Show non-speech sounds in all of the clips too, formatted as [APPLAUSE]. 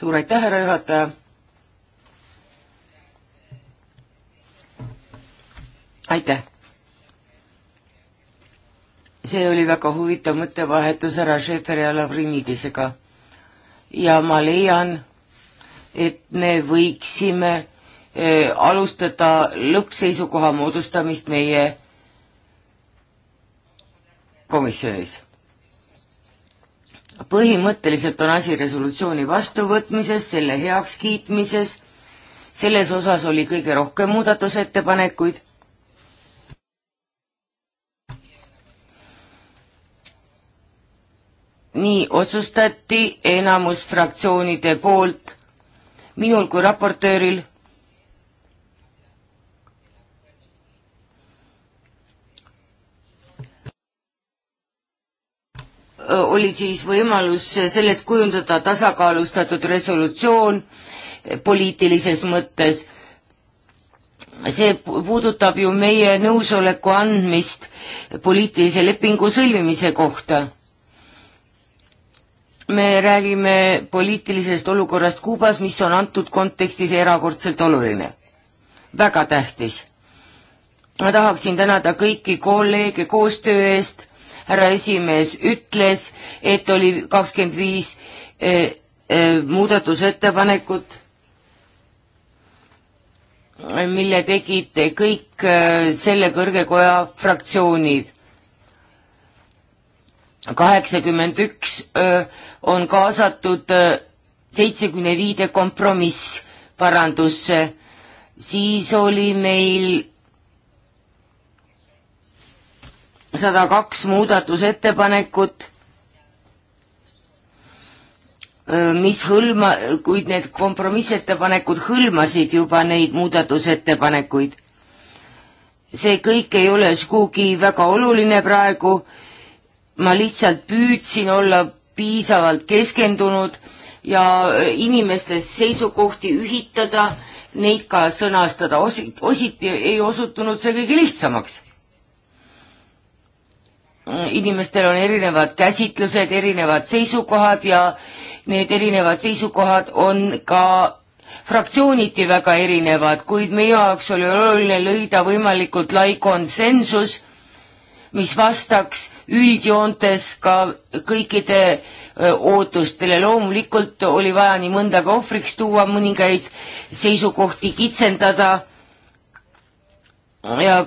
suur aitäh, härra juhataja. aitäh. see oli väga huvitav mõttevahetus härra Schäferi ja Lavrinidisega. ja ma leian, et me võiksime e, alustada lõppseisukoha moodustamist meie komisjonis põhimõtteliselt on asi resolutsiooni vastuvõtmises, selle heakskiitmises, selles osas oli kõige rohkem muudatusettepanekuid nii otsustati enamus fraktsioonide poolt, minul kui raportööril oli siis võimalus sellest kujundada tasakaalustatud resolutsioon eh, poliitilises mõttes. see puudutab ju meie nõusoleku andmist poliitilise lepingu sõlmimise kohta. me räägime poliitilisest olukorrast Kuubas, mis on antud kontekstis erakordselt oluline, väga tähtis. ma tahaksin tänada kõiki kolleege koostöö eest härra esimees ütles, et oli kakskümmend viis eh, eh, muudatusettepanekut, mille tegid kõik eh, selle kõrge koja fraktsioonid. kaheksakümmend üks on kaasatud seitsekümne viide kompromiss parandusse, siis oli meil sada kaks muudatusettepanekut, mis hõlma, kuid need kompromissettepanekud hõlmasid juba neid muudatusettepanekuid. see kõik ei ole sugugi väga oluline praegu, ma lihtsalt püüdsin olla piisavalt keskendunud ja inimeste seisukohti ühitada, neid ka sõnastada, ositi ei osutunud see kõige lihtsamaks inimestel on erinevad käsitlused, erinevad seisukohad ja need erinevad seisukohad on ka fraktsiooniti väga erinevad, kuid meie jaoks oli oluline leida võimalikult lai konsensus, mis vastaks üldjoontes ka kõikide ootustele. loomulikult oli vaja nii mõndagi ohvriks tuua, mõningaid seisukohti kitsendada ja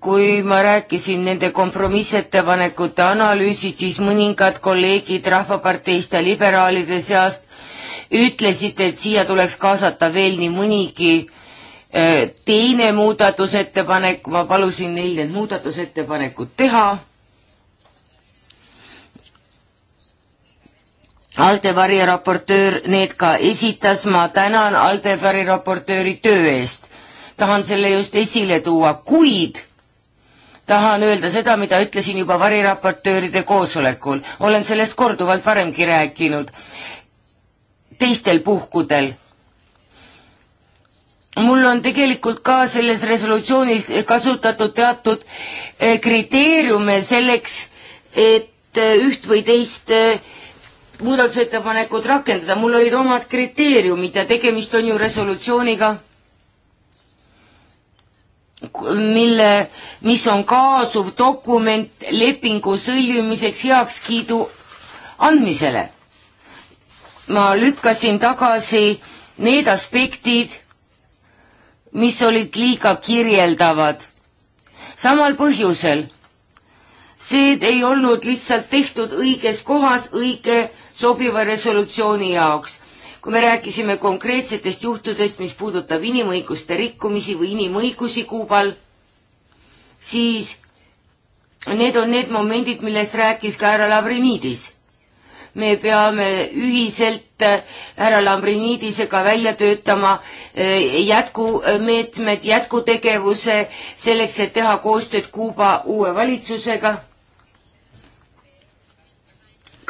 kui ma rääkisin nende kompromissettepanekute analüüsid, siis mõningad kolleegid Rahvaparteist ja liberaalide seast ütlesid, et siia tuleks kaasata veel nii mõnigi äh, teine muudatusettepanek, ma palusin neil need muudatusettepanekud teha. Alde variraportöör need ka esitas, ma tänan Alde variraportööri töö eest tahan selle just esile tuua, kuid tahan öelda seda, mida ütlesin juba variraportööride koosolekul. olen sellest korduvalt varemgi rääkinud. teistel puhkudel mul on tegelikult ka selles resolutsioonis kasutatud teatud eh, kriteeriume selleks, et eh, üht või teist eh, muudatusettepanekut rakendada, mul olid omad kriteeriumid ja tegemist on ju resolutsiooniga mille, mis on kaasuv dokument lepingu sõlmimiseks heakskiidu andmisele. ma lükkasin tagasi need aspektid, mis olid liiga kirjeldavad. samal põhjusel, see ei olnud lihtsalt tehtud õiges kohas õige sobiva resolutsiooni jaoks kui me rääkisime konkreetsetest juhtudest, mis puudutab inimõiguste rikkumisi või inimõigusi Kuubal, siis need on need momendid, millest rääkis ka härra Lavrinidis. me peame ühiselt eh, härra Lavrinidisega välja töötama eh, jätkumeetmed, jätkutegevuse selleks, et teha koostööd Kuuba uue valitsusega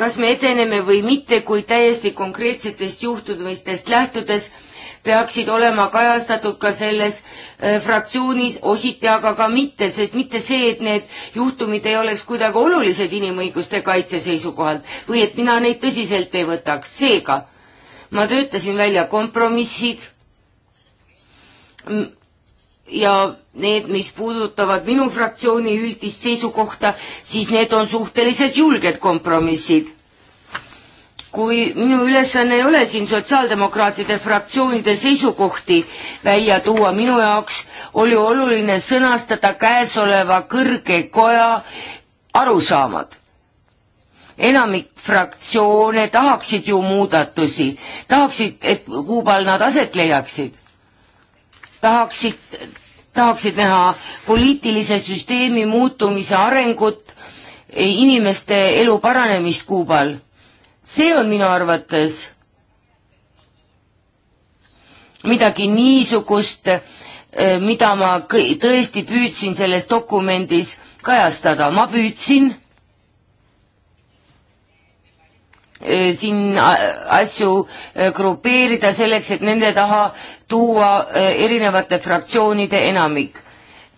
kas me edeneme või mitte, kui täiesti konkreetsetest juhtumistest lähtudes peaksid olema kajastatud ka selles äh, fraktsioonis ositi, aga ka mitte, sest mitte see, et need juhtumid ei oleks kuidagi olulised inimõiguste kaitse seisukohalt või et mina neid tõsiselt ei võtaks, seega ma töötasin välja kompromissid ja need, mis puudutavad minu fraktsiooni üldist seisukohta, siis need on suhteliselt julged kompromissid. kui minu ülesanne ei ole siin sotsiaaldemokraatide fraktsioonide seisukohti välja tuua, minu jaoks oli oluline sõnastada käesoleva kõrge koja arusaamad enamik fraktsioone tahaksid ju muudatusi, tahaksid, et kuupall nad aset leiaksid tahaksid, tahaksid näha poliitilise süsteemi muutumise arengut, e, inimeste elu paranemist Kuubal. see on minu arvates midagi niisugust, e, mida ma tõesti püüdsin selles dokumendis kajastada, ma püüdsin E, siin asju e, grupeerida selleks, et nende taha tuua e, erinevate fraktsioonide enamik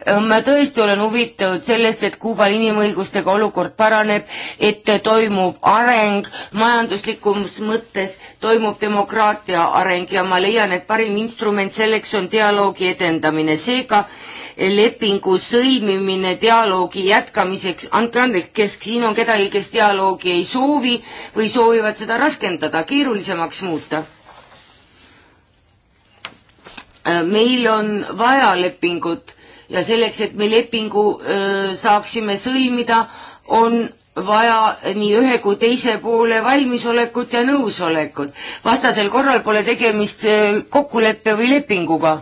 ma tõesti olen huvitatud sellest, et Kuubal inimõigustega olukord paraneb, et toimub areng majanduslikus mõttes, toimub demokraatia areng ja ma leian, et parim instrument selleks on dialoogi edendamine, seega lepingu sõlmimine dialoogi jätkamiseks, andke andeks, kes siin on kedagi, kes dialoogi ei soovi või soovivad seda raskendada, keerulisemaks muuta meil on vaja lepingut ja selleks, et me lepingu öö, saaksime sõlmida, on vaja nii ühe kui teise poole valmisolekut ja nõusolekut. vastasel korral pole tegemist kokkuleppe või lepinguga.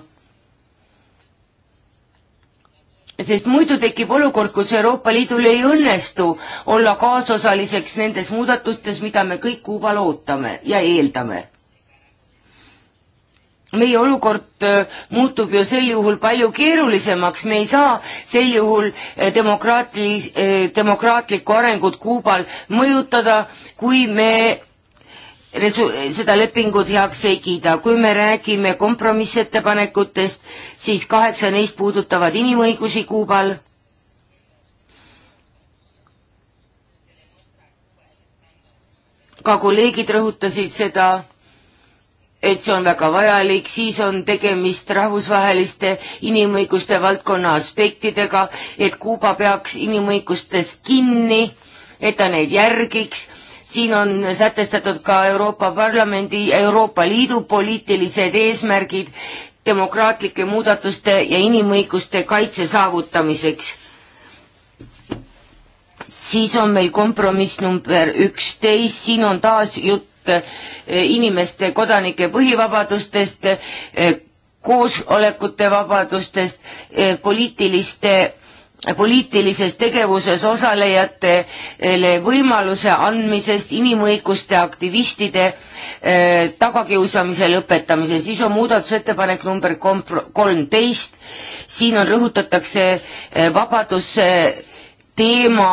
sest muidu tekib olukord, kus Euroopa Liidul ei õnnestu olla kaasosaliseks nendes muudatustes, mida me kõik Kuubal ootame ja eeldame meie olukord äh, muutub ju sel juhul palju keerulisemaks, me ei saa sel juhul äh, demokraatlis-, äh, demokraatlikku arengut Kuubal mõjutada, kui me resu-, seda lepingut heaks ei kiida. kui me räägime kompromissettepanekutest, siis kaheksa neist puudutavad inimõigusi Kuubal ka kolleegid rõhutasid seda, et see on väga vajalik, siis on tegemist rahvusvaheliste inimõiguste valdkonna aspektidega, et Kuuba peaks inimõigustest kinni, et ta neid järgiks, siin on sätestatud ka Euroopa Parlamendi, Euroopa Liidu poliitilised eesmärgid demokraatlike muudatuste ja inimõiguste kaitse saavutamiseks. siis on meil kompromiss number üksteist, siin on taas jutt Äh, inimeste, kodanike põhivabadustest, äh, koosolekute vabadustest, äh, poliitiliste poliitilises tegevuses osalejatele võimaluse andmisest, inimõiguste aktivistide tagakiusamise lõpetamise, siis on muudatusettepanek number kolmteist, siin on, rõhutatakse vabaduse teema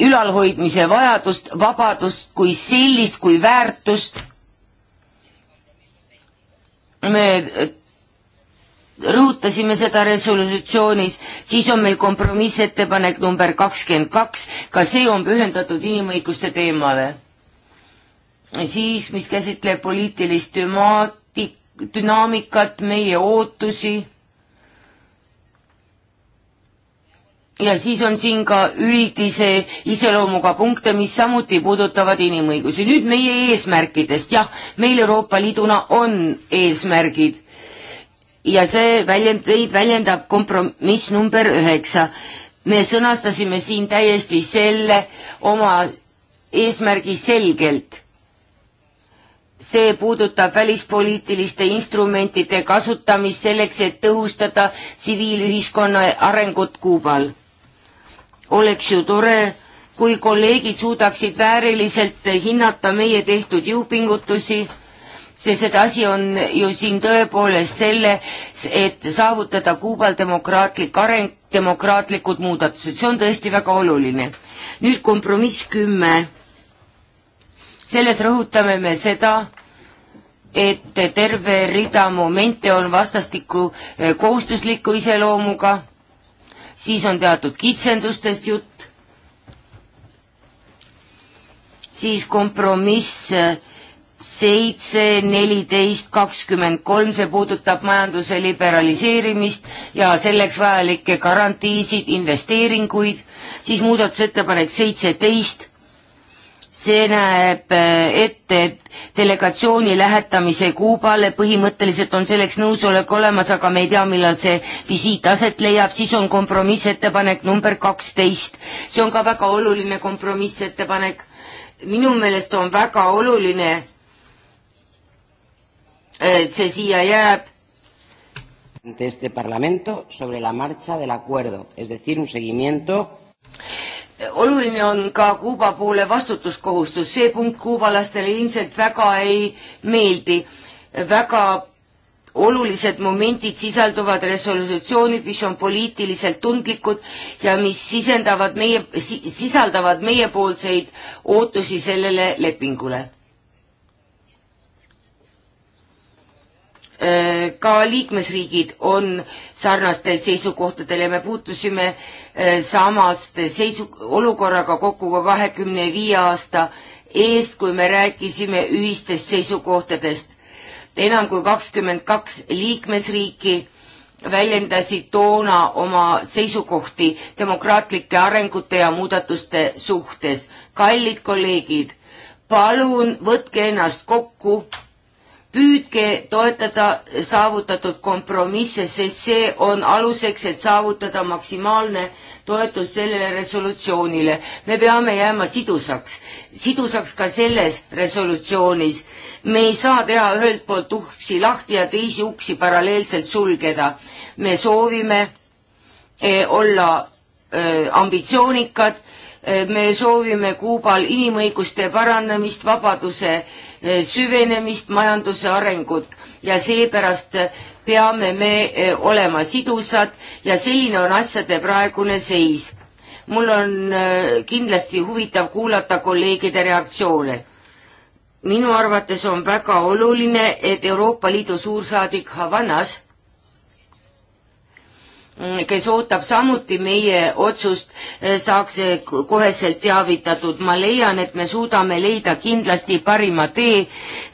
ülalhoidmise vajadust, vabadust kui sellist, kui väärtust. me rõhutasime seda resolutsioonis, siis on meil kompromissettepanek number kakskümmend kaks, ka see on pühendatud inimõiguste teemale. siis, mis käsitleb poliitilist dümaati-, dünaamikat, meie ootusi ja siis on siin ka üldise iseloomuga punkte, mis samuti puudutavad inimõigusi. nüüd meie eesmärkidest, jah, meil Euroopa Liiduna on eesmärgid ja see väljend, neid väljendab kompromiss number üheksa. me sõnastasime siin täiesti selle oma eesmärgi selgelt. see puudutab välispoliitiliste instrumentide kasutamist selleks, et tõhustada tsiviilühiskonna arengut Kuubal oleks ju tore, kui kolleegid suudaksid vääriliselt hinnata meie tehtud jõupingutusi, sest et asi on ju siin tõepoolest selle, et saavutada Kuubal demokraatlik areng, demokraatlikud muudatused, see on tõesti väga oluline. nüüd kompromiss kümme. selles rõhutame me seda, et terve rida momente on vastastikku eh, kohustusliku iseloomuga siis on teatud kitsendustest jutt, siis kompromiss äh, seitse, neliteist, kakskümmend kolm, see puudutab majanduse liberaliseerimist ja selleks vajalikke garantiisid, investeeringuid, siis muudatusettepanek seitseteist, see näeb äh, ette et delegatsiooni lähetamise Kuubale, põhimõtteliselt on selleks nõusolek olemas, aga me ei tea, millal see visiit aset leiab, siis on kompromissettepanek number kaksteist. see on ka väga oluline kompromissettepanek. minu meelest on väga oluline, äh, et see siia jääb ante este Parlamento sobre la marcha del acuerdo, es decir, un seguimiento oluline on ka Kuuba poole vastutuskohustus, see punkt kuubalastele ilmselt väga ei meeldi. väga olulised momendid sisalduvad resolutsioonid, mis on poliitiliselt tundlikud ja mis sisendavad meie, sisaldavad meiepoolseid ootusi sellele lepingule Äh, ka liikmesriigid on sarnastel seisukohtadel ja me puutusime äh, samast seisu, olukorraga kokku ka kahekümne viie aasta eest, kui me rääkisime ühistest seisukohtadest. enam kui kakskümmend kaks liikmesriiki väljendasid toona oma seisukohti demokraatlike arengute ja muudatuste suhtes. kallid kolleegid, palun võtke ennast kokku püüdke toetada saavutatud kompromisse, sest see on aluseks, et saavutada maksimaalne toetus sellele resolutsioonile. me peame jääma sidusaks, sidusaks ka selles resolutsioonis. me ei saa teha ühelt poolt uksi lahti ja teisi uksi paralleelselt sulgeda. me soovime eh, olla eh, ambitsioonikad me soovime Kuubal inimõiguste paranemist, vabaduse eh, süvenemist, majanduse arengut ja seepärast eh, peame me eh, olema sidusad ja selline on asjade praegune seis. mul on kindlasti huvitav kuulata kolleegide reaktsioone. minu arvates on väga oluline, et Euroopa Liidu suursaadik Havanas Mm, kes ootab samuti meie otsust, eh, saaks eh, koheselt teavitatud. ma leian, et me suudame leida kindlasti parima tee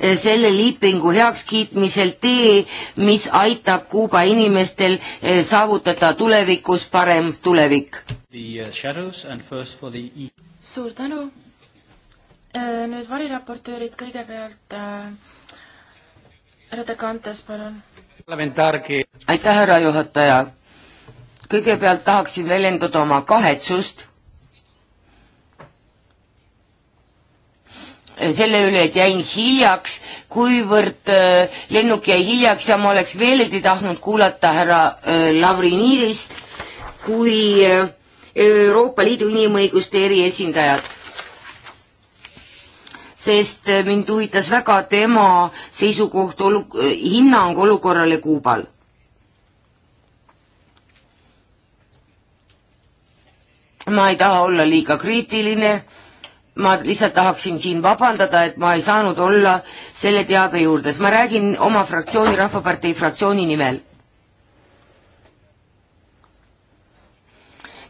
eh, selle liipingu heakskiitmisel, tee, mis aitab Kuuba inimestel saavutada tulevikus parem tulevik. The... E- suur tänu. nüüd variraportöörid kõigepealt äh,. härra De Cantes, palun. aitäh, härra juhataja kõigepealt tahaksin väljendada oma kahetsust selle üle, et jäin hiljaks, kuivõrd äh, lennuk jäi hiljaks ja ma oleks veelgi tahtnud kuulata härra äh, Lavrinidist kui äh, Euroopa Liidu inimõiguste eriesindajat. sest äh, mind huvitas väga tema seisukoht olu-, äh, hinnang olukorrale Kuubal ma ei taha olla liiga kriitiline, ma lihtsalt tahaksin siin vabandada, et ma ei saanud olla selle teabe juures, ma räägin oma fraktsiooni, Rahvapartei fraktsiooni nimel.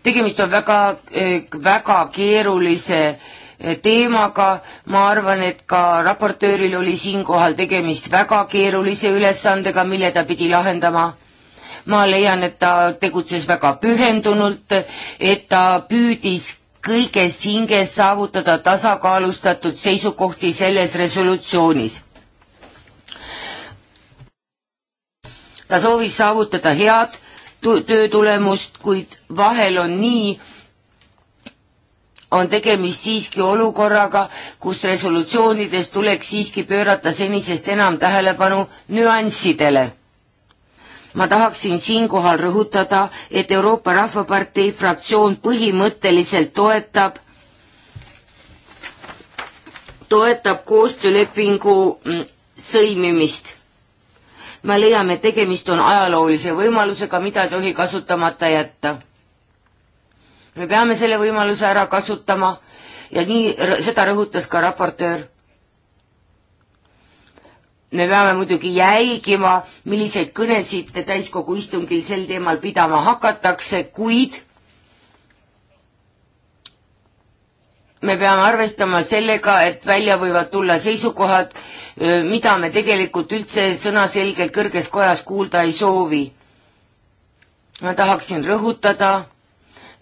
tegemist on väga, eh, väga keerulise eh, teemaga, ma arvan, et ka raportööril oli siinkohal tegemist väga keerulise ülesandega, mille ta pidi lahendama ma leian, et ta tegutses väga pühendunult, et ta püüdis kõiges hinges saavutada tasakaalustatud seisukohti selles resolutsioonis. ta soovis saavutada head töö tulemust, kuid vahel on nii, on tegemist siiski olukorraga, kus resolutsioonides tuleks siiski pöörata senisest enam tähelepanu nüanssidele ma tahaksin siinkohal rõhutada, et Euroopa Rahvapartei fraktsioon põhimõtteliselt toetab toetab koostöölepingu mm, sõlmimist. me leiame, tegemist on ajaloolise võimalusega, mida ei tohi kasutamata jätta. me peame selle võimaluse ära kasutama ja nii, seda rõhutas ka raportöör me peame muidugi jälgima, milliseid kõnesid täiskogu istungil sel teemal pidama hakatakse, kuid me peame arvestama sellega, et välja võivad tulla seisukohad, mida me tegelikult üldse sõnaselgelt kõrges kojas kuulda ei soovi. ma tahaksin rõhutada,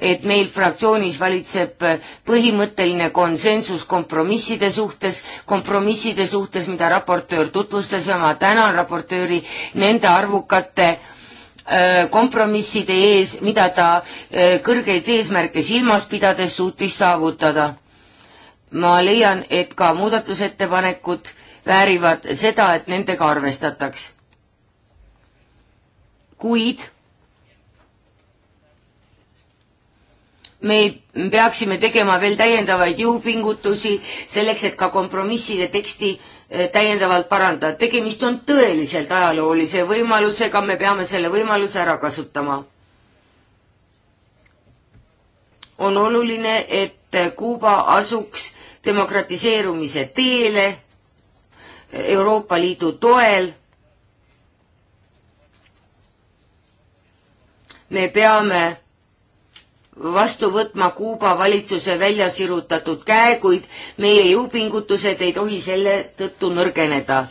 et meil fraktsioonis valitseb äh, põhimõtteline konsensus kompromisside suhtes, kompromisside suhtes, mida raportöör tutvustas ja ma tänan raportööri nende arvukate äh, kompromisside ees, mida ta äh, kõrgeid eesmärke silmas pidades suutis saavutada. ma leian, et ka muudatusettepanekud väärivad seda, et nendega arvestataks. kuid me peaksime tegema veel täiendavaid jõupingutusi selleks, et ka kompromisside teksti eh, täiendavalt parandada. tegemist on tõeliselt ajaloolise võimalusega, me peame selle võimaluse ära kasutama. on oluline, et Kuuba asuks demokratiseerumise teele Euroopa Liidu toel me peame vastu võtma Kuuba valitsuse välja sirutatud käe, kuid meie jõupingutused ei tohi selle tõttu nõrgeneda.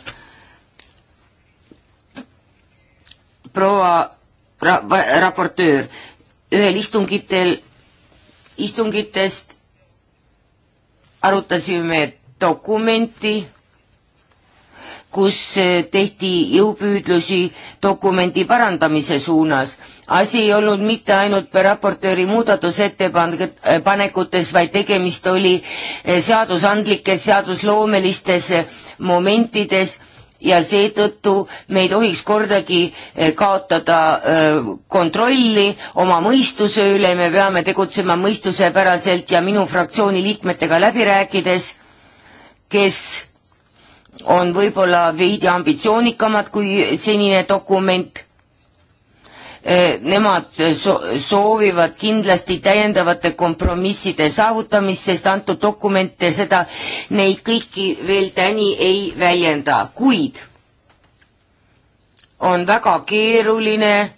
proua ra raportöör, ühel istungitel, istungitest arutasime dokumenti kus eh, tehti jõupüüdlusi dokumendi parandamise suunas. asi ei olnud mitte ainult raportööri muudatusettepanekutes, vaid tegemist oli eh, seadusandlikes, seadusloomelistes eh, momentides ja seetõttu me ei tohiks kordagi kaotada kontrolli oma mõistuse üle, me peame tegutsema mõistusepäraselt ja minu fraktsiooni liikmetega läbi rääkides, kes on võib-olla veidi ambitsioonikamad kui senine dokument. Äh, nemad soovivad kindlasti täiendavate kompromisside saavutamist, sest antud dokumente seda, neid kõiki veel täni ei väljenda, kuid on väga keeruline äh,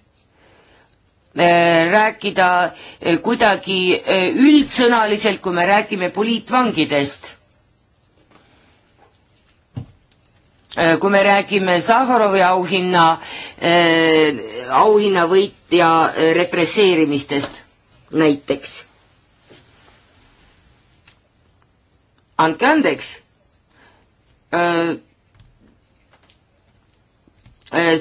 rääkida äh, kuidagi üldsõnaliselt, kui me räägime poliitvangidest Äh, kui me räägime Sahharovi auhinna, äh, auhinnavõitja äh, represseerimistest näiteks. andke andeks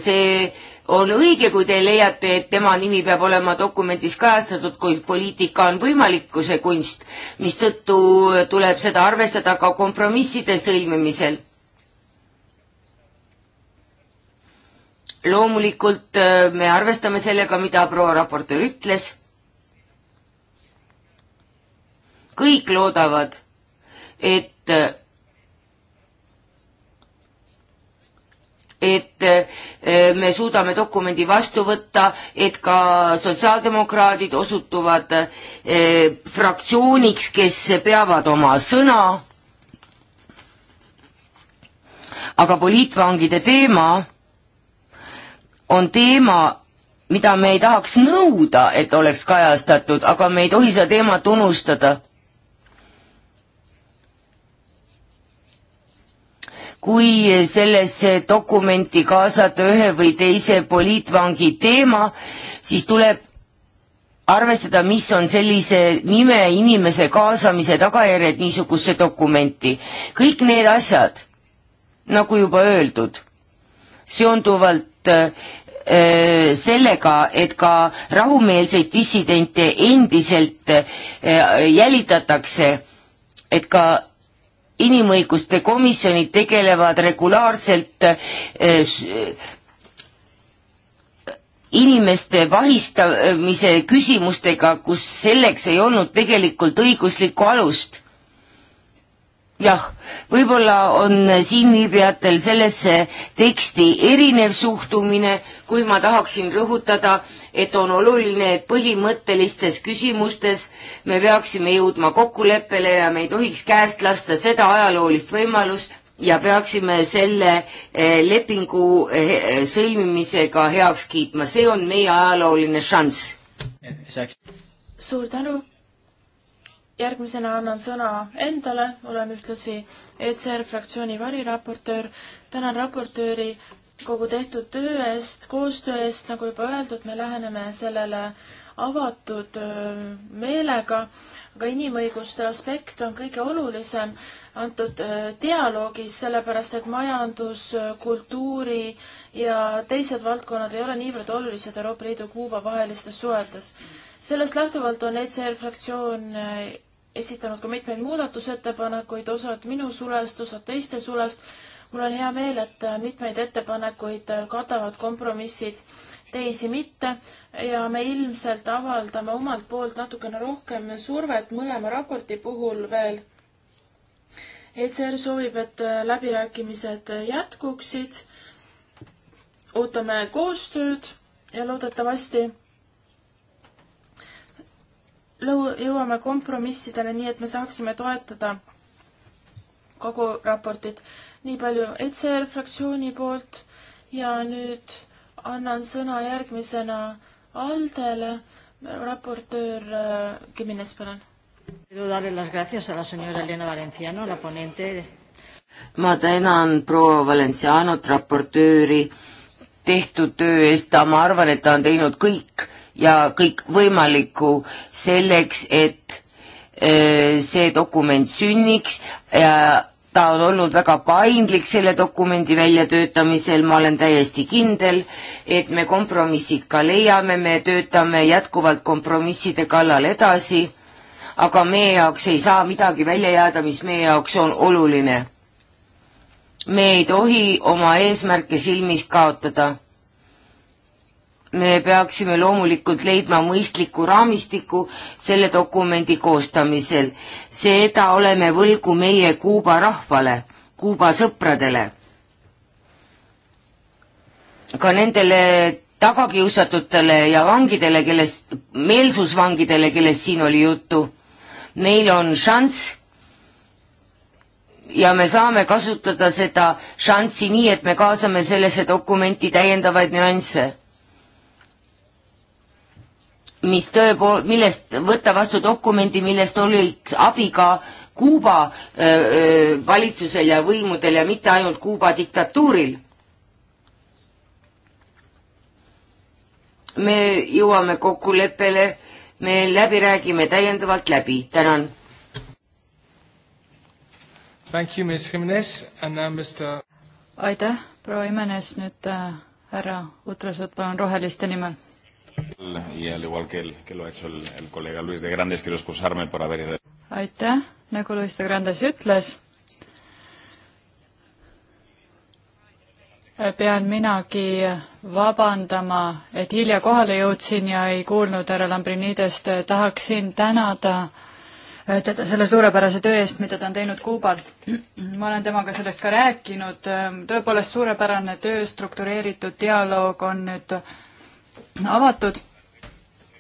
see on õige, kui te leiate, et tema nimi peab olema dokumendis kajastatud, kuid poliitika on võimalikkuse kunst, mistõttu tuleb seda arvestada ka kompromisside sõlmimisel. loomulikult äh, me arvestame sellega, mida proua raportöör ütles. kõik loodavad, et, et äh, me suudame dokumendi vastu võtta, et ka sotsiaaldemokraadid osutuvad äh, fraktsiooniks, kes peavad oma sõna. aga poliitvangide teema on teema, mida me ei tahaks nõuda, et oleks kajastatud, aga me ei tohi seda teemat unustada. kui sellesse dokumenti kaasata ühe või teise poliitvangi teema, siis tuleb arvestada, mis on sellise nime inimese kaasamise tagajärjed niisugusesse dokumenti. kõik need asjad, nagu juba öeldud seonduvalt äh, äh, sellega, et ka rahumeelseid dissidente endiselt äh, jälitatakse, et ka inimõiguste komisjonid tegelevad regulaarselt inimeste vahistamise küsimustega, kus selleks ei olnud tegelikult õiguslikku alust jah, võib-olla on siinviibijatel sellesse teksti erinev suhtumine, kuid ma tahaksin rõhutada, et on oluline, et põhimõttelistes küsimustes me peaksime jõudma kokkuleppele ja me ei tohiks käest lasta seda ajaloolist võimalust ja peaksime selle eh, lepingu eh, sõlmimisega heaks kiitma, see on meie ajalooline šanss. suur tänu järgmisena annan sõna endale, olen ühtlasi ECR fraktsiooni variraportöör. tänan raportööri kogu tehtud töö eest, koostöö eest, nagu juba öeldud, me läheneme sellele avatud meelega, aga inimõiguste aspekt on kõige olulisem antud dialoogis, sellepärast et majandus, kultuuri ja teised valdkonnad ei ole niivõrd olulised Euroopa Liidu Kuuba vahelistes suhetes. sellest lähtuvalt on ECR fraktsioon esitanud ka mitmeid muudatusettepanekuid, osad minu sulest, osad teiste sulest. mul on hea meel, et mitmeid ettepanekuid katavad kompromissid, teisi mitte ja me ilmselt avaldame omalt poolt natukene rohkem survet mõlema raporti puhul veel. ECR soovib, et läbirääkimised jätkuksid. ootame koostööd ja loodetavasti jõuame kompromissidele nii, et me saaksime toetada kogu raportit. nii palju ECR fraktsiooni poolt ja nüüd annan sõna järgmisena Aldele, raportöör Kimmines, äh, palun. ma tänan proua Valencianot, raportööri tehtud töö eest, ma arvan, et ta on teinud kõik ja kõikvõimalikku selleks, et äh, see dokument sünniks ja ta on olnud väga paindlik selle dokumendi väljatöötamisel, ma olen täiesti kindel, et me kompromissid ka leiame, me töötame jätkuvalt kompromisside kallal edasi, aga meie jaoks ei saa midagi välja jääda, mis meie jaoks on oluline. me ei tohi oma eesmärke silmis kaotada me peaksime loomulikult leidma mõistliku raamistiku selle dokumendi koostamisel. seda oleme võlgu meie Kuuba rahvale, Kuuba sõpradele. ka nendele tagakiusatutele ja vangidele, kellest, meelsusvangidele, kellest siin oli juttu. Neil on šanss ja me saame kasutada seda šanssi nii, et me kaasame sellesse dokumenti täiendavaid nüansse mis tõepool-, millest võtta vastu dokumendi, millest oleks abi ka Kuuba öö, valitsusel ja võimudel ja mitte ainult Kuuba diktatuuril. me jõuame kokkuleppele, me läbi räägime täiendavalt läbi, tänan. aitäh, proua Imenes, nüüd äh, härra Utrasut, palun roheliste nimel aitäh, nagu Luis de Grandes ütles, pean minagi vabandama, et hilja kohale jõudsin ja ei kuulnud härra Lambrinidest, tahaksin tänada eh, teda selle suurepärase töö eest, mida ta on teinud Kuubal. [CLEARS THROAT] ma olen temaga sellest ka rääkinud, tõepoolest suurepärane töö, struktureeritud dialoog on nüüd avatud.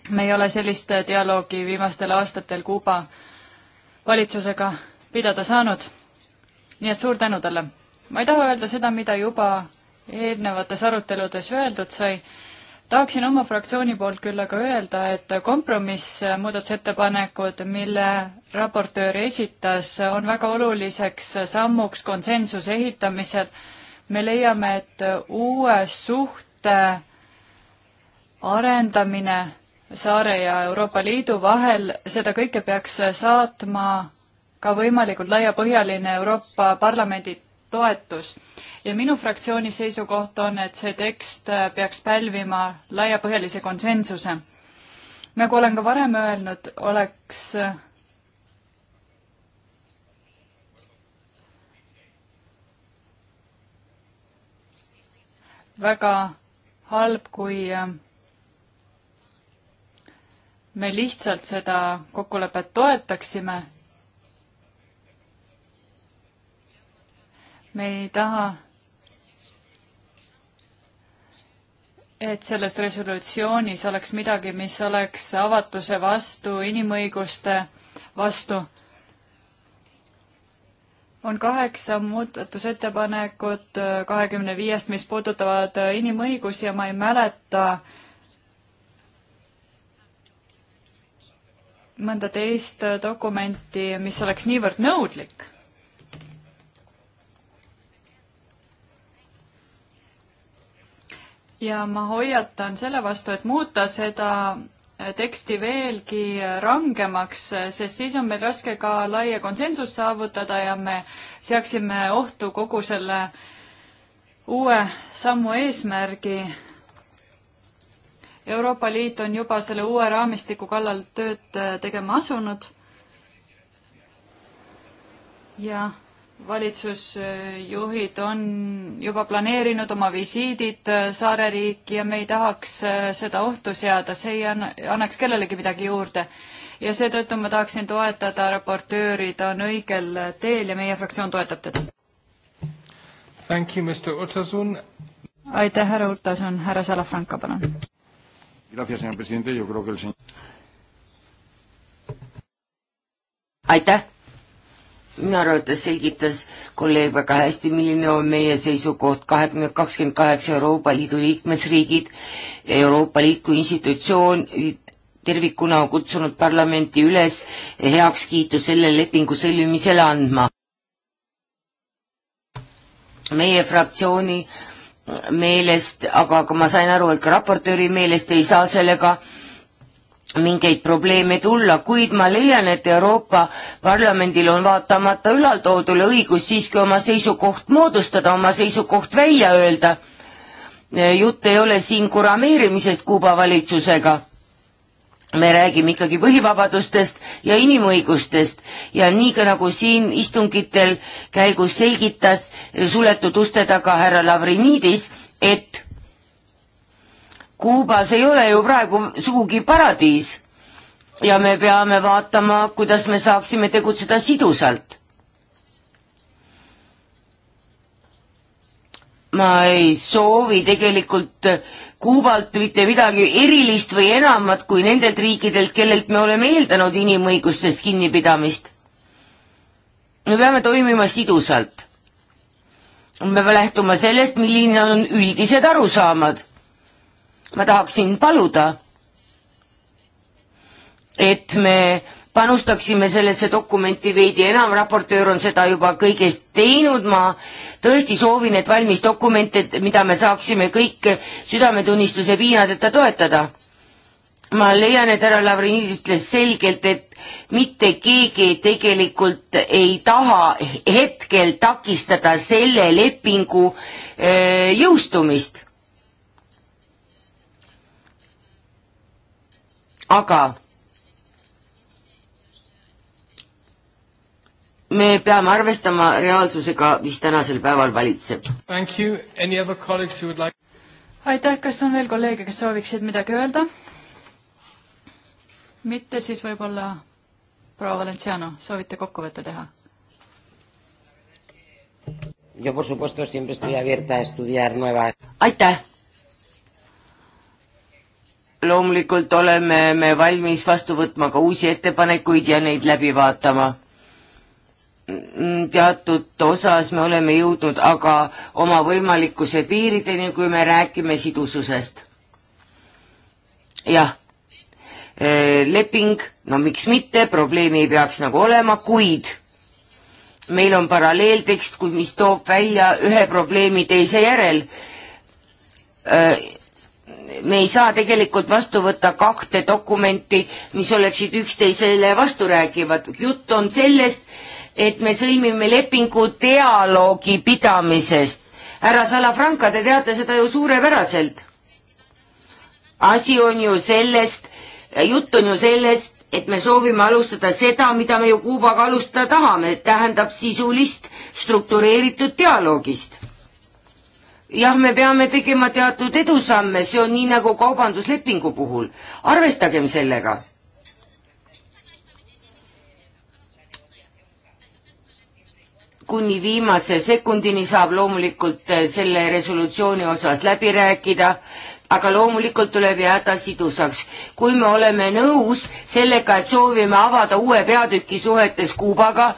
me ei ole sellist dialoogi viimastel aastatel Kuuba valitsusega pidada saanud. nii et suur tänu talle. ma ei taha öelda seda, mida juba eelnevates aruteludes öeldud sai tahaksin oma fraktsiooni poolt küll aga öelda, et kompromiss muudatusettepanekud, mille raportöör esitas, on väga oluliseks sammuks konsensuse ehitamisel. me leiame, et uue suhte arendamine saare ja Euroopa Liidu vahel, seda kõike peaks saatma ka võimalikult laiapõhjaline Euroopa Parlamendi toetus. ja minu fraktsiooni seisukoht on, et see tekst peaks pälvima laiapõhjalise konsensuse. nagu olen ka varem öelnud, oleks väga halb, kui me lihtsalt seda kokkulepet toetaksime. me ei taha, et selles resolutsioonis oleks midagi, mis oleks avatuse vastu, inimõiguste vastu. on kaheksa muudatusettepanekut kahekümne viiest, mis puudutavad inimõigusi ja ma ei mäleta, mõnda teist dokumenti, mis oleks niivõrd nõudlik. ja ma hoiatan selle vastu, et muuta seda teksti veelgi rangemaks, sest siis on meil raske ka laia konsensust saavutada ja me seaksime ohtu kogu selle uue sammu eesmärgi Euroopa Liit on juba selle uue raamistiku kallal tööd äh, tegema asunud ja valitsusjuhid on juba planeerinud oma visiidid äh, saareriiki ja me ei tahaks äh, seda ohtu seada, see ei anna, annaks kellelegi midagi juurde. ja seetõttu ma tahaksin toetada raportööri, ta on õigel teel ja meie fraktsioon toetab teda. aitäh, härra Urtasun, härra Salafranca, palun aitäh! minu arvates selgitas kolleeg väga hästi, milline on meie seisukoht, kahekümne, kakskümmend kaheksa Euroopa Liidu liikmesriigid, Euroopa Liit kui institutsioon tervikuna on kutsunud parlamenti üles heakskiitu selle lepingu sõlmimisele andma. meie fraktsiooni meelest, aga, aga ma sain aru, et ka raportööri meelest ei saa sellega mingeid probleeme tulla, kuid ma leian, et Euroopa Parlamendil on vaatamata ülaltoodule õigus siiski oma seisukoht moodustada, oma seisukoht välja öelda. jutt ei ole siin kurameerimisest Kuuba valitsusega me räägime ikkagi põhivabadustest ja inimõigustest ja nii ka nagu siin istungitel käigus selgitas suletud uste taga härra Lavrinidis, et Kuubas ei ole ju praegu sugugi paradiis ja me peame vaatama, kuidas me saaksime tegutseda sidusalt. ma ei soovi tegelikult äh, Kuubalt mitte midagi erilist või enamat kui nendelt riikidelt, kellelt me oleme eeldanud inimõigustest kinnipidamist. me peame toimima sidusalt. me peame lähtuma sellest, milline on üldised arusaamad. ma tahaksin paluda, et me panustaksime sellesse dokumenti veidi enam, raportöör on seda juba kõigest teinud, ma tõesti soovin, et valmis dokumente, mida me saaksime kõik südametunnistuse piinadeta toetada. ma leian, et härra Lavrinidis ütles selgelt, et mitte keegi tegelikult ei taha hetkel takistada selle lepingu öö, eh, jõustumist. aga me peame arvestama reaalsusega, mis tänasel päeval valitseb. Like... aitäh, kas on veel kolleege, kes sooviksid midagi öelda? mitte, siis võib-olla proua Valenciano, soovite kokkuvõtte teha? Yo, por supuesto, siempre estoy abierta a estudiar nuevas. aitäh! loomulikult oleme me valmis vastu võtma ka uusi ettepanekuid ja neid läbi vaatama. Mm, teatud osas me oleme jõudnud aga oma võimalikkuse piirideni, kui me räägime sidususest. jah, e, leping, no miks mitte, probleemi ei peaks nagu olema, kuid meil on paralleeltekst, mis toob välja ühe probleemi teise järel. E, me ei saa tegelikult vastu võtta kahte dokumenti, mis oleksid üksteisele vasturääkivad, jutt on sellest, et me sõlmime lepingu dialoogi pidamisest. härra Salafranca, te teate seda ju suurepäraselt. asi on ju sellest, jutt on ju sellest, et me soovime alustada seda, mida me ju Kuubaga alustada tahame, tähendab sisulist struktureeritud dialoogist. jah, me peame tegema teatud edusamme, see on nii nagu kaubanduslepingu puhul, arvestagem sellega kuni viimase sekundini saab loomulikult eh, selle resolutsiooni osas läbi rääkida, aga loomulikult tuleb jääda sidusaks. kui me oleme nõus sellega, et soovime avada uue peatüki suhetes Kuubaga,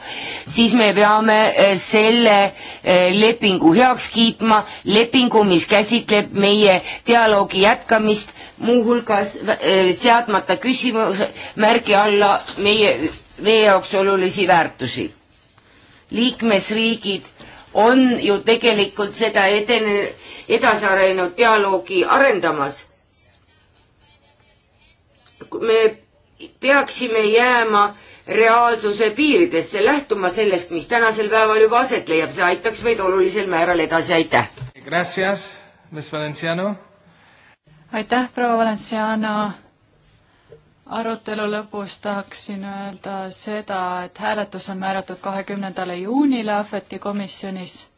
siis me peame eh, selle eh, lepingu heaks kiitma, lepingu, mis käsitleb meie dialoogi jätkamist, muuhulgas seadmata küsimuse märgi alla meie, meie jaoks olulisi väärtusi liikmesriigid on ju tegelikult seda edene, edasi arenenud dialoogi arendamas. me peaksime jääma reaalsuse piiridesse, lähtuma sellest, mis tänasel päeval juba aset leiab, see aitaks meid olulisel määral edasi, aitäh! aitäh, proua Valenciano! arutelu lõpus tahaksin öelda seda, et hääletus on määratud kahekümnendale juunile Ahveti komisjonis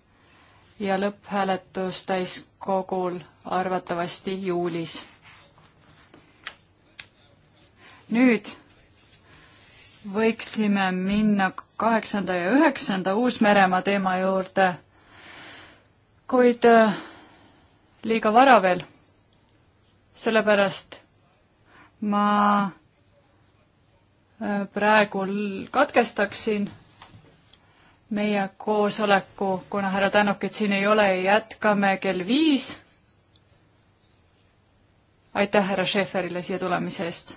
ja lõpphääletus täiskogul arvatavasti juulis. nüüd võiksime minna kaheksanda ja üheksanda Uus-Meremaa teema juurde, kuid äh, liiga vara veel, sellepärast ma praegu katkestaksin meie koosoleku, kuna härra Tänukit siin ei ole, jätkame kell viis. aitäh härra Schäferile siia tulemise eest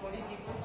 políticos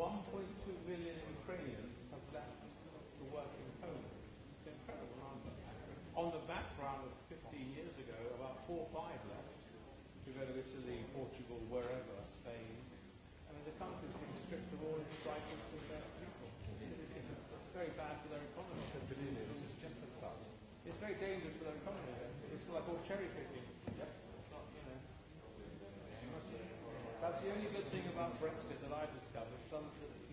1.2 million Ukrainians have left to work in Poland. It's an incredible number. On the background of 15 years ago, about four or five left to go to Italy, Portugal, wherever, Spain. And the country's been stripped of all its rights for their people. It's, it's very bad for their economy. This is just the sun. It's very dangerous for their economy. It's like all cherry picking. Yep. Not, you know. That's the only good thing about Brexit that I've others. Some,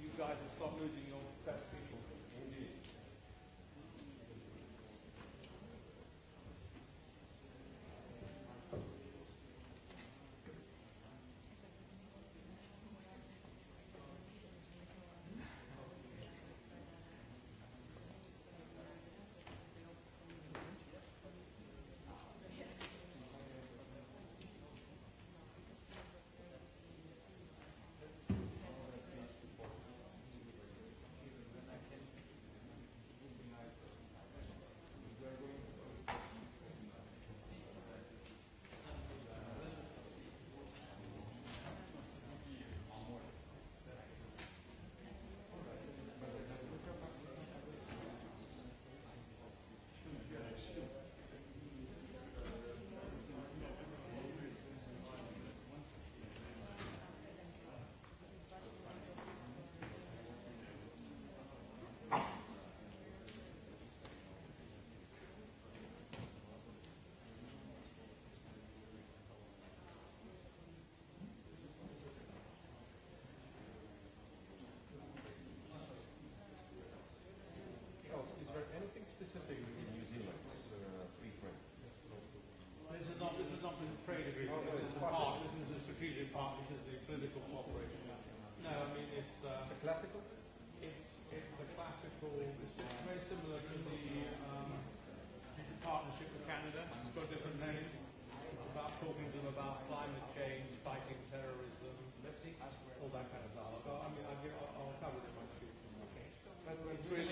you guys will stop losing specifically in New Zealand, uh, free trade. This is not this is not a trade agreement. Oh, this is a part. This is a strategic part. This is the political cooperation. No, I mean it's. Uh, it's a classical. It's it's a classical. It's very similar to the um, partnership with Canada. It's got a different name. It's about talking to them about climate change, fighting terrorism, all that kind of stuff. So I mean, I'll, I'll cover it in my speech. Okay. It's really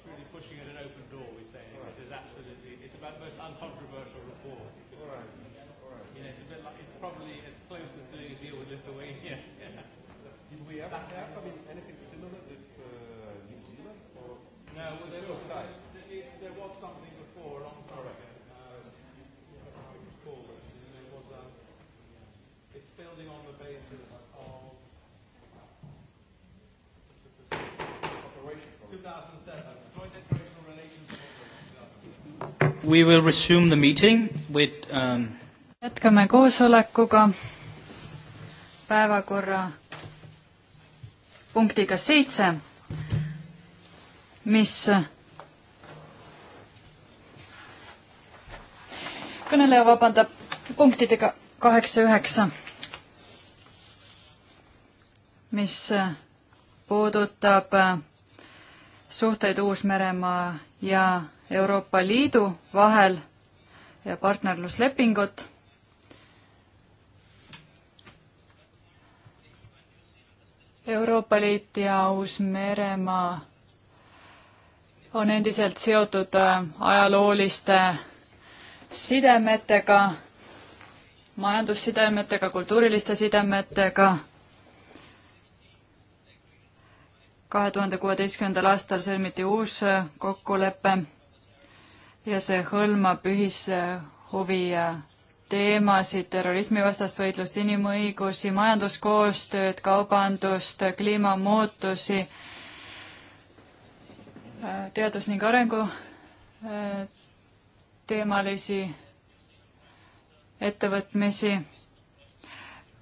it's really pushing at an open door, we say. Right. It is absolutely, it's about the most uncontroversial reform. All right. All right. You know, it's a bit like, it's probably as close as doing a deal with Lithuania. [LAUGHS] Did we ever have, I mean, anything similar with uh, New Zealand? Or no, well, there was, there, there was something before along We will resume the meeting with um... jätkame koosolekuga päevakorra punktiga seitse, mis kõneleja vabandab punktidega kaheksa, üheksa, mis puudutab suhteid Uus-Meremaa ja Euroopa Liidu vahel ja partnerluslepingut. Euroopa Liit ja Uus-Meremaa on endiselt seotud äh, ajalooliste sidemetega, majandussidemetega, kultuuriliste sidemetega. kahe tuhande kuueteistkümnendal aastal sõlmiti uus äh, kokkulepe ja see hõlmab ühise huvi teemasid, terrorismivastast võitlust, inimõigusi, majanduskoostööd, kaubandust, kliimamuutusi, teadus- ning arengu äh, teemalisi ettevõtmisi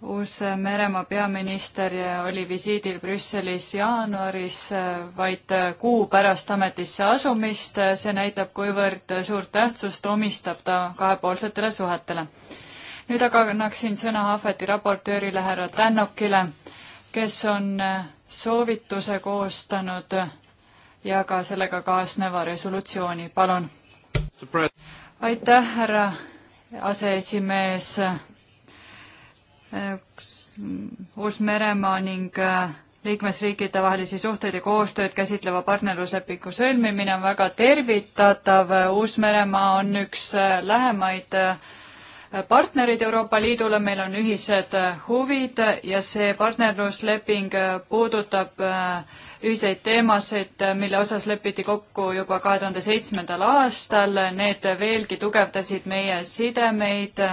Uus-Meremaa peaminister oli visiidil Brüsselis jaanuaris vaid kuu pärast ametisse asumist, see näitab, kuivõrd suurt tähtsust omistab ta kahepoolsetele suhetele. nüüd aga annaksin sõna Ahveti raportöörile härra Tännokile, kes on soovituse koostanud ja ka sellega kaasneva resolutsiooni, palun. aitäh, härra aseesimees Mm, Uus-Meremaa ning äh, liikmesriikide vahelisi suhteid ja koostööd käsitleva partnerluslepingu sõlmimine on väga tervitatav. Uus-Meremaa on üks äh, lähemaid äh, partnerid Euroopa Liidule, meil on ühised huvid ja see partnerlusleping puudutab ühiseid teemasid, mille osas lepiti kokku juba kahe tuhande seitsmendal aastal. Need veelgi tugevdasid meie sidemeid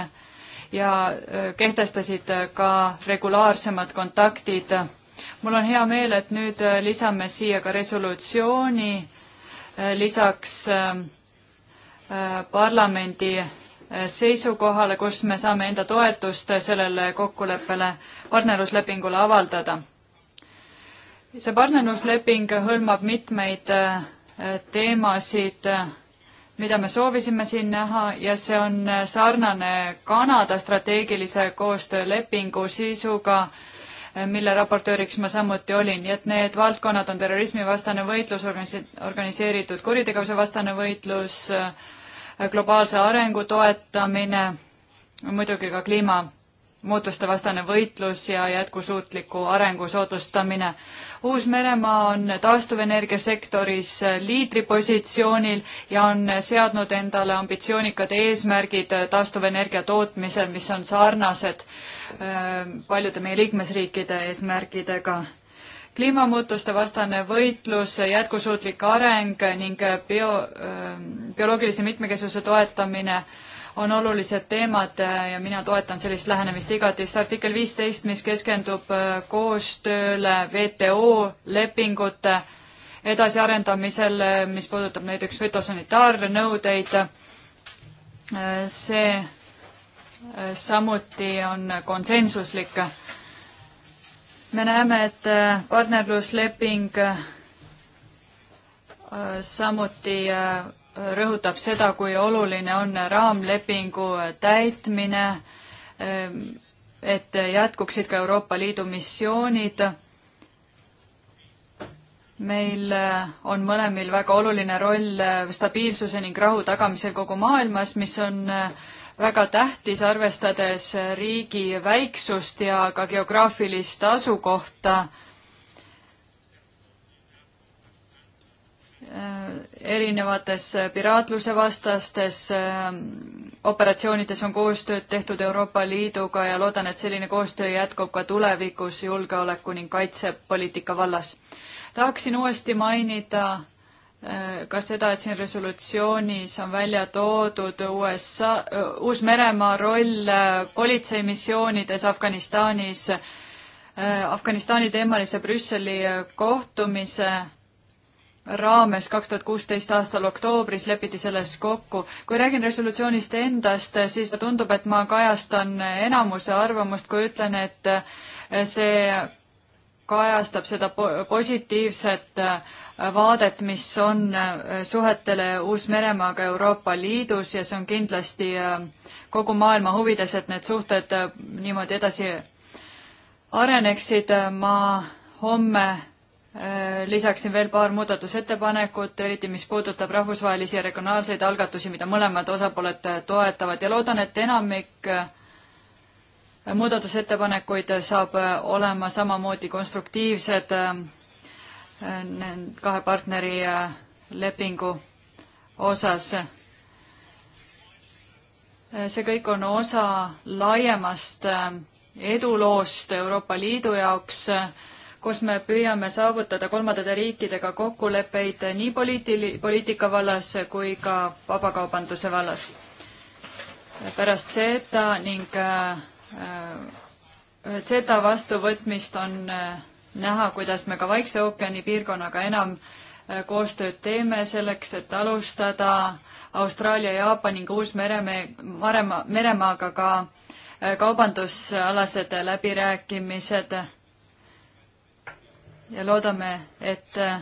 ja äh, kehtestasid äh, ka regulaarsemad kontaktid. mul on hea meel, et nüüd äh, lisame siia ka resolutsiooni, lisaks ähm, parlamendi seisukohale, kus me saame enda toetust sellele kokkuleppele, partnerluslepingule avaldada. see partnerlusleping hõlmab mitmeid teemasid mida me soovisime siin näha ja see on sarnane Kanada strateegilise koostöölepingu sisuga, mille raportööriks ma samuti olin, nii et need valdkonnad on terrorismivastane võitlus, organiseeritud kuritegevuse vastane võitlus, globaalse arengu toetamine, muidugi ka kliima muutuste vastane võitlus ja jätkusuutliku arengu soodustamine. Uus-Meremaa on taastuvenergiasektoris liidripositsioonil ja on seadnud endale ambitsioonikad eesmärgid taastuvenergia tootmisel, mis on sarnased ähm, paljude meie liikmesriikide eesmärkidega kliimamuutuste vastane võitlus, jätkusuutlik areng ning bio, ähm, bioloogilise mitmekesisuse toetamine äh, on olulised teemad äh, ja mina toetan sellist lähenemist igati. see artikkel viisteist, mis keskendub äh, koostööle WTO lepingute edasiarendamisel, äh, mis puudutab näiteks fütosanitaarnõudeid, see samuti on konsensuslik. me näeme, et partnerlusleping samuti rõhutab seda, kui oluline on raamlepingu täitmine, et jätkuksid ka Euroopa Liidu missioonid. meil on mõlemil väga oluline roll stabiilsuse ning rahu tagamisel kogu maailmas, mis on väga tähtis, arvestades riigi väiksust ja ka geograafilist asukohta erinevates äh, piraatluse vastastes äh, operatsioonides on koostööd tehtud Euroopa Liiduga ja loodan, et selline koostöö jätkub ka tulevikus julgeoleku ning kaitsepoliitika vallas. tahaksin uuesti mainida äh, ka seda, et siin resolutsioonis on välja toodud USA, Uus-Meremaa roll politseimissioonides Afganistanis, Afganistani teemalise Brüsseli kohtumise raames kaks tuhat kuusteist aastal oktoobris lepiti selles kokku. kui räägin resolutsioonist endast, siis tundub, et ma kajastan enamuse arvamust, kui ütlen, et see kajastab seda positiivset vaadet, mis on suhetele Uus-Meremaaga Euroopa Liidus ja see on kindlasti kogu maailma huvides, et need suhted niimoodi edasi areneksid. ma homme Äh, lisaksin veel paar muudatusettepanekut, eriti mis puudutab rahvusvahelisi ja regionaalseid algatusi, mida mõlemad osapooled toetavad ja loodan, et enamik äh, muudatusettepanekuid saab äh, olema samamoodi konstruktiivsed kahe partneri lepingu osas. see kõik on osa laiemast eduloost Euroopa Liidu jaoks kus me püüame saavutada kolmandate riikidega kokkuleppeid nii poliitili-, poliitika vallas kui ka vabakaubanduse vallas. pärast seda ning seda äh, äh, vastuvõtmist on äh, näha, kuidas me ka Vaikse ookeani piirkonnaga enam koostööd teeme selleks, et alustada Austraalia, Jaapan ning Uus-Meremaa, Maremaa, Meremaaga ka kaubandusalased läbirääkimised ja loodame, et äh,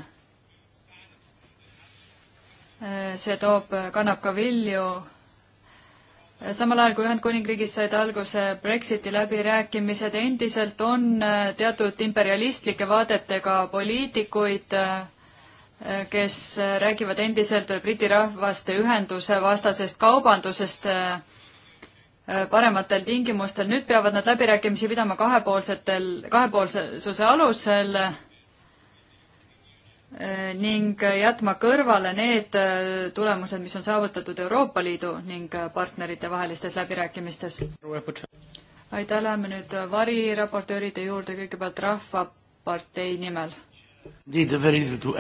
see toob, kannab ka vilju. samal ajal, kui Ühendkuningriigis said alguse Brexiti läbirääkimised, endiselt on äh, teatud imperialistlike vaadetega poliitikuid, äh, kes räägivad endiselt veel Briti rahvaste ühenduse vastasest kaubandusest parematel tingimustel. nüüd peavad nad läbirääkimisi pidama kahepoolsetel, kahepoolsuse alusel ning jätma kõrvale need äh, tulemused, mis on saavutatud Euroopa Liidu ning äh, partnerite vahelistes läbirääkimistes. aitäh, läheme nüüd äh, variraportööride juurde, kõigepealt Rahvapartei nimel. Uh,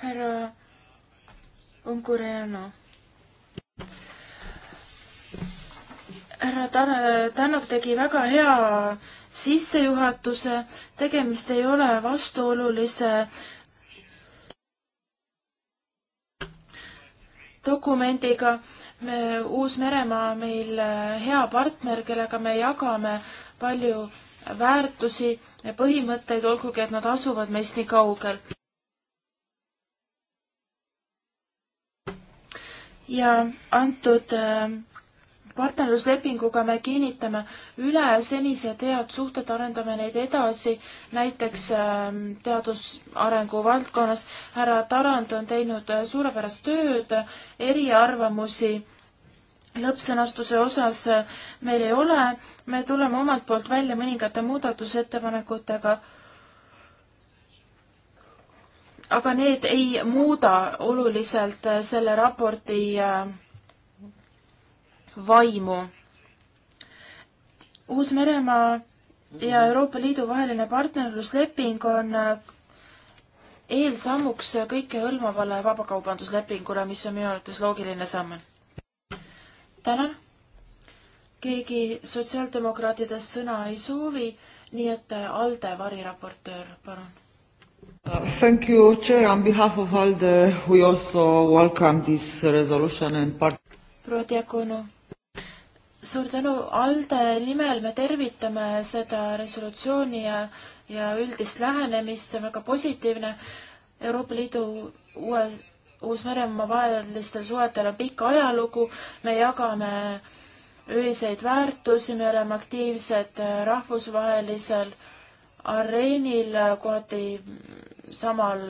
härra Ungureanu. härra Tanel Tänuk tegi väga hea sissejuhatuse, tegemist ei ole vastuolulise dokumendiga. me, Uus-Meremaa meil äh, hea partner, kellega me jagame palju väärtusi ja põhimõtteid, olgugi et nad asuvad meist nii kaugel. ja antud äh, partnerluslepinguga me kinnitame üle senised head suhted, arendame neid edasi, näiteks ähm, teadusarengu valdkonnas härra Tarand on teinud äh, suurepärast tööd, äh, eriarvamusi lõppsõnastuse osas äh, meil ei ole, me tuleme omalt poolt välja mõningate muudatusettepanekutega, aga need ei muuda oluliselt selle raporti äh, vaimu. Uus-Meremaa ja mhm. Euroopa Liidu vaheline partnerlusleping on äh, eelsammuks kõikehõlmavale vabakaubanduslepingule, mis on minu arvates loogiline samm. tänan. keegi sotsiaaldemokraatidest sõna ei soovi, nii et äh, ALDE variraportöör, palun. Uh, thank you, Chair. On behalf of ALDE, we also welcome this resolution and part-. proua Diakonu suur tänu, ALDE nimel me tervitame seda resolutsiooni ja, ja üldist lähenemist, see on väga positiivne. Euroopa Liidu uue, Uus-Meremaa vahelistel suhetel on pikk ajalugu, me jagame ühiseid väärtusi, me oleme aktiivsed rahvusvahelisel areenil, kohati samal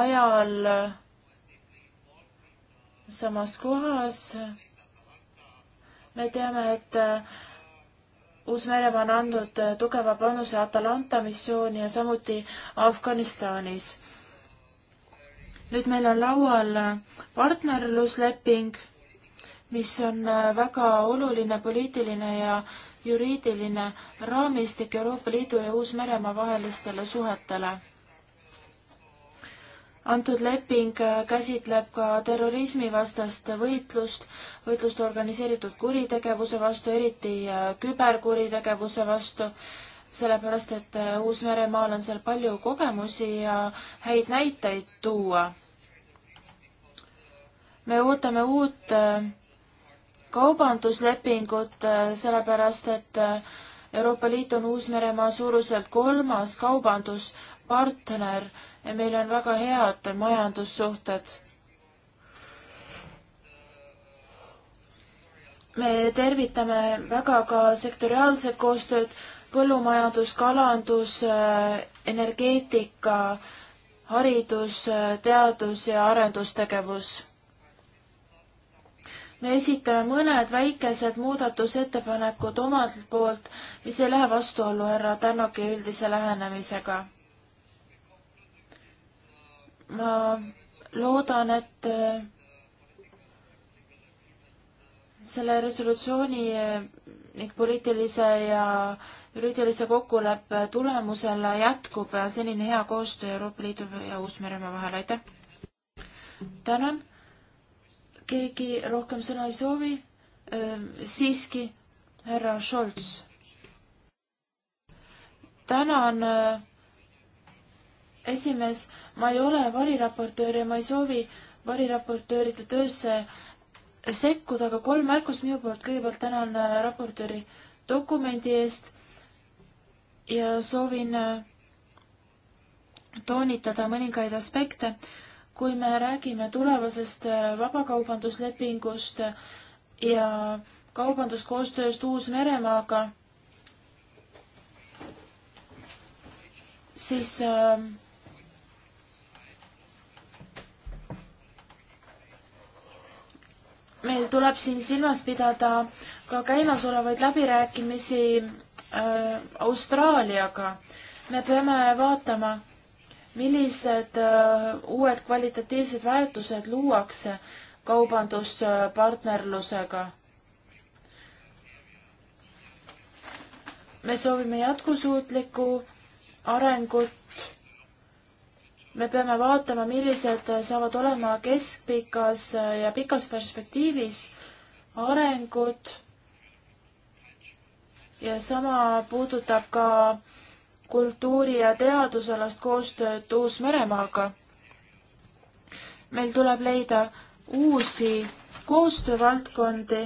ajal, samas kohas me teame, et äh, Uus-Meremaa on andnud äh, tugeva panuse Atalanta missiooni ja samuti Afganistanis. nüüd meil on laual äh, partnerlusleping, mis on väga oluline poliitiline ja juriidiline raamistik Euroopa Liidu ja Uus-Meremaa vahelistele suhetele antud leping äh, käsitleb ka terrorismivastast võitlust, võitlust organiseeritud kuritegevuse vastu, eriti äh, küberkuritegevuse vastu, sellepärast et äh, Uus-Meremaal on seal palju kogemusi ja häid näiteid tuua. me ootame uut kaubanduslepingut, sellepärast et Euroopa Liit on Uus-Meremaa suuruselt kolmas kaubanduspartner meil on väga head majandussuhted. me tervitame väga ka sektoriaalset koostööd põllumajandus, kalandus, energeetika, haridus, teadus ja arendustegevus. me esitame mõned väikesed muudatusettepanekud omalt poolt, mis ei lähe vastuollu härra Tännoki üldise lähenemisega ma loodan, et äh, selle resolutsiooni ning äh, poliitilise ja juriidilise kokkuleppe tulemusel jätkub senine hea koostöö Euroopa Liidu ja Uus-Meremaa vahel, aitäh! tänan, keegi rohkem sõna ei soovi, äh, siiski härra Scholz. tänan esimees, ma ei ole variraportöör ja ma ei soovi variraportööride töösse sekkuda, aga kolm märkust minu poolt. kõigepealt tänan äh, raportööri dokumendi eest ja soovin äh, toonitada mõningaid aspekte. kui me räägime tulevasest äh, vabakaubanduslepingust ja kaubanduskoostööst Uus-Meremaaga, siis äh, meil tuleb siin silmas pidada ka käimasolevaid läbirääkimisi äh, Austraaliaga. me peame vaatama, millised äh, uued kvalitatiivsed väärtused luuakse kaubanduspartnerlusega. me soovime jätkusuutlikku arengut me peame vaatama, millised saavad olema keskpikas ja pikas perspektiivis arengud ja sama puudutab ka kultuuri- ja teadusalast koostööd Uus-Meremaaga. meil tuleb leida uusi koostöövaldkondi,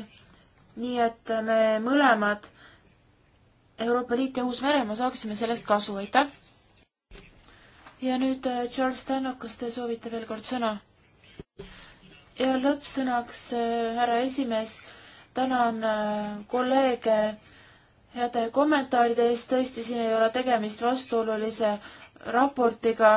nii et me mõlemad, Euroopa Liit ja Uus-Meremaa, saaksime sellest kasu, aitäh! ja nüüd äh, Charles Tannock, kas te soovite veel kord sõna? ja lõppsõnaks, äh, härra esimees, tänan äh, kolleege heade kommentaaride eest, tõesti, siin ei ole tegemist vastuolulise raportiga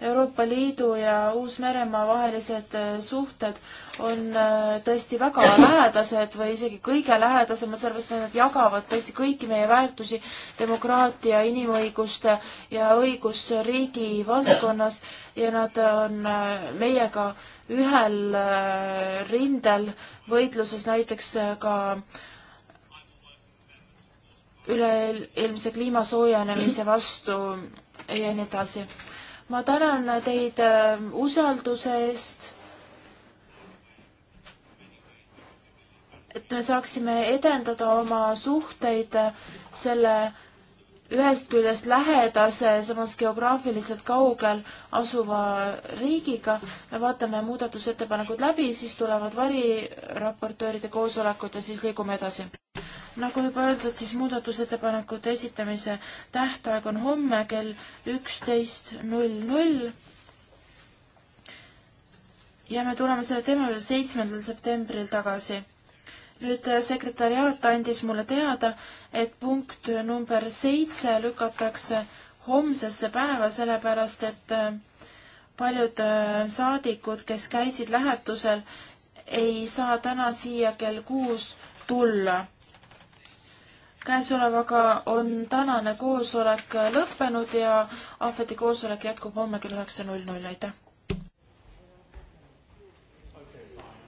Euroopa Liidu ja Uus-Meremaa vahelised äh, suhted on äh, tõesti väga lähedased või isegi kõige lähedasemad, sellepärast et nad jagavad tõesti kõiki meie väärtusi demokraatia, inimõiguste ja õigusriigi valdkonnas ja nad on äh, meiega ühel rindel võitluses näiteks ka üle eelmise kliima soojenemise vastu ja nii edasi ma tänan teid ähm, usalduse eest, et me saaksime edendada oma suhteid äh, selle ühest küljest lähedase, samas geograafiliselt kaugel asuva riigiga. me vaatame muudatusettepanekud läbi, siis tulevad variraportööride koosolekud ja siis liigume edasi. nagu juba öeldud, siis muudatusettepanekute esitamise tähtaeg on homme kell üksteist null null. ja me tuleme selle teema juurde seitsmendal septembril tagasi nüüd äh, sekretariaat andis mulle teada, et punkt number seitse lükatakse homsesse päeva, sellepärast et äh, paljud äh, saadikud, kes käisid lähetusel, ei saa täna siia kell kuus tulla. käesolevaga on tänane koosolek lõppenud ja ahveti koosolek jätkub homme kell üheksa null null, aitäh!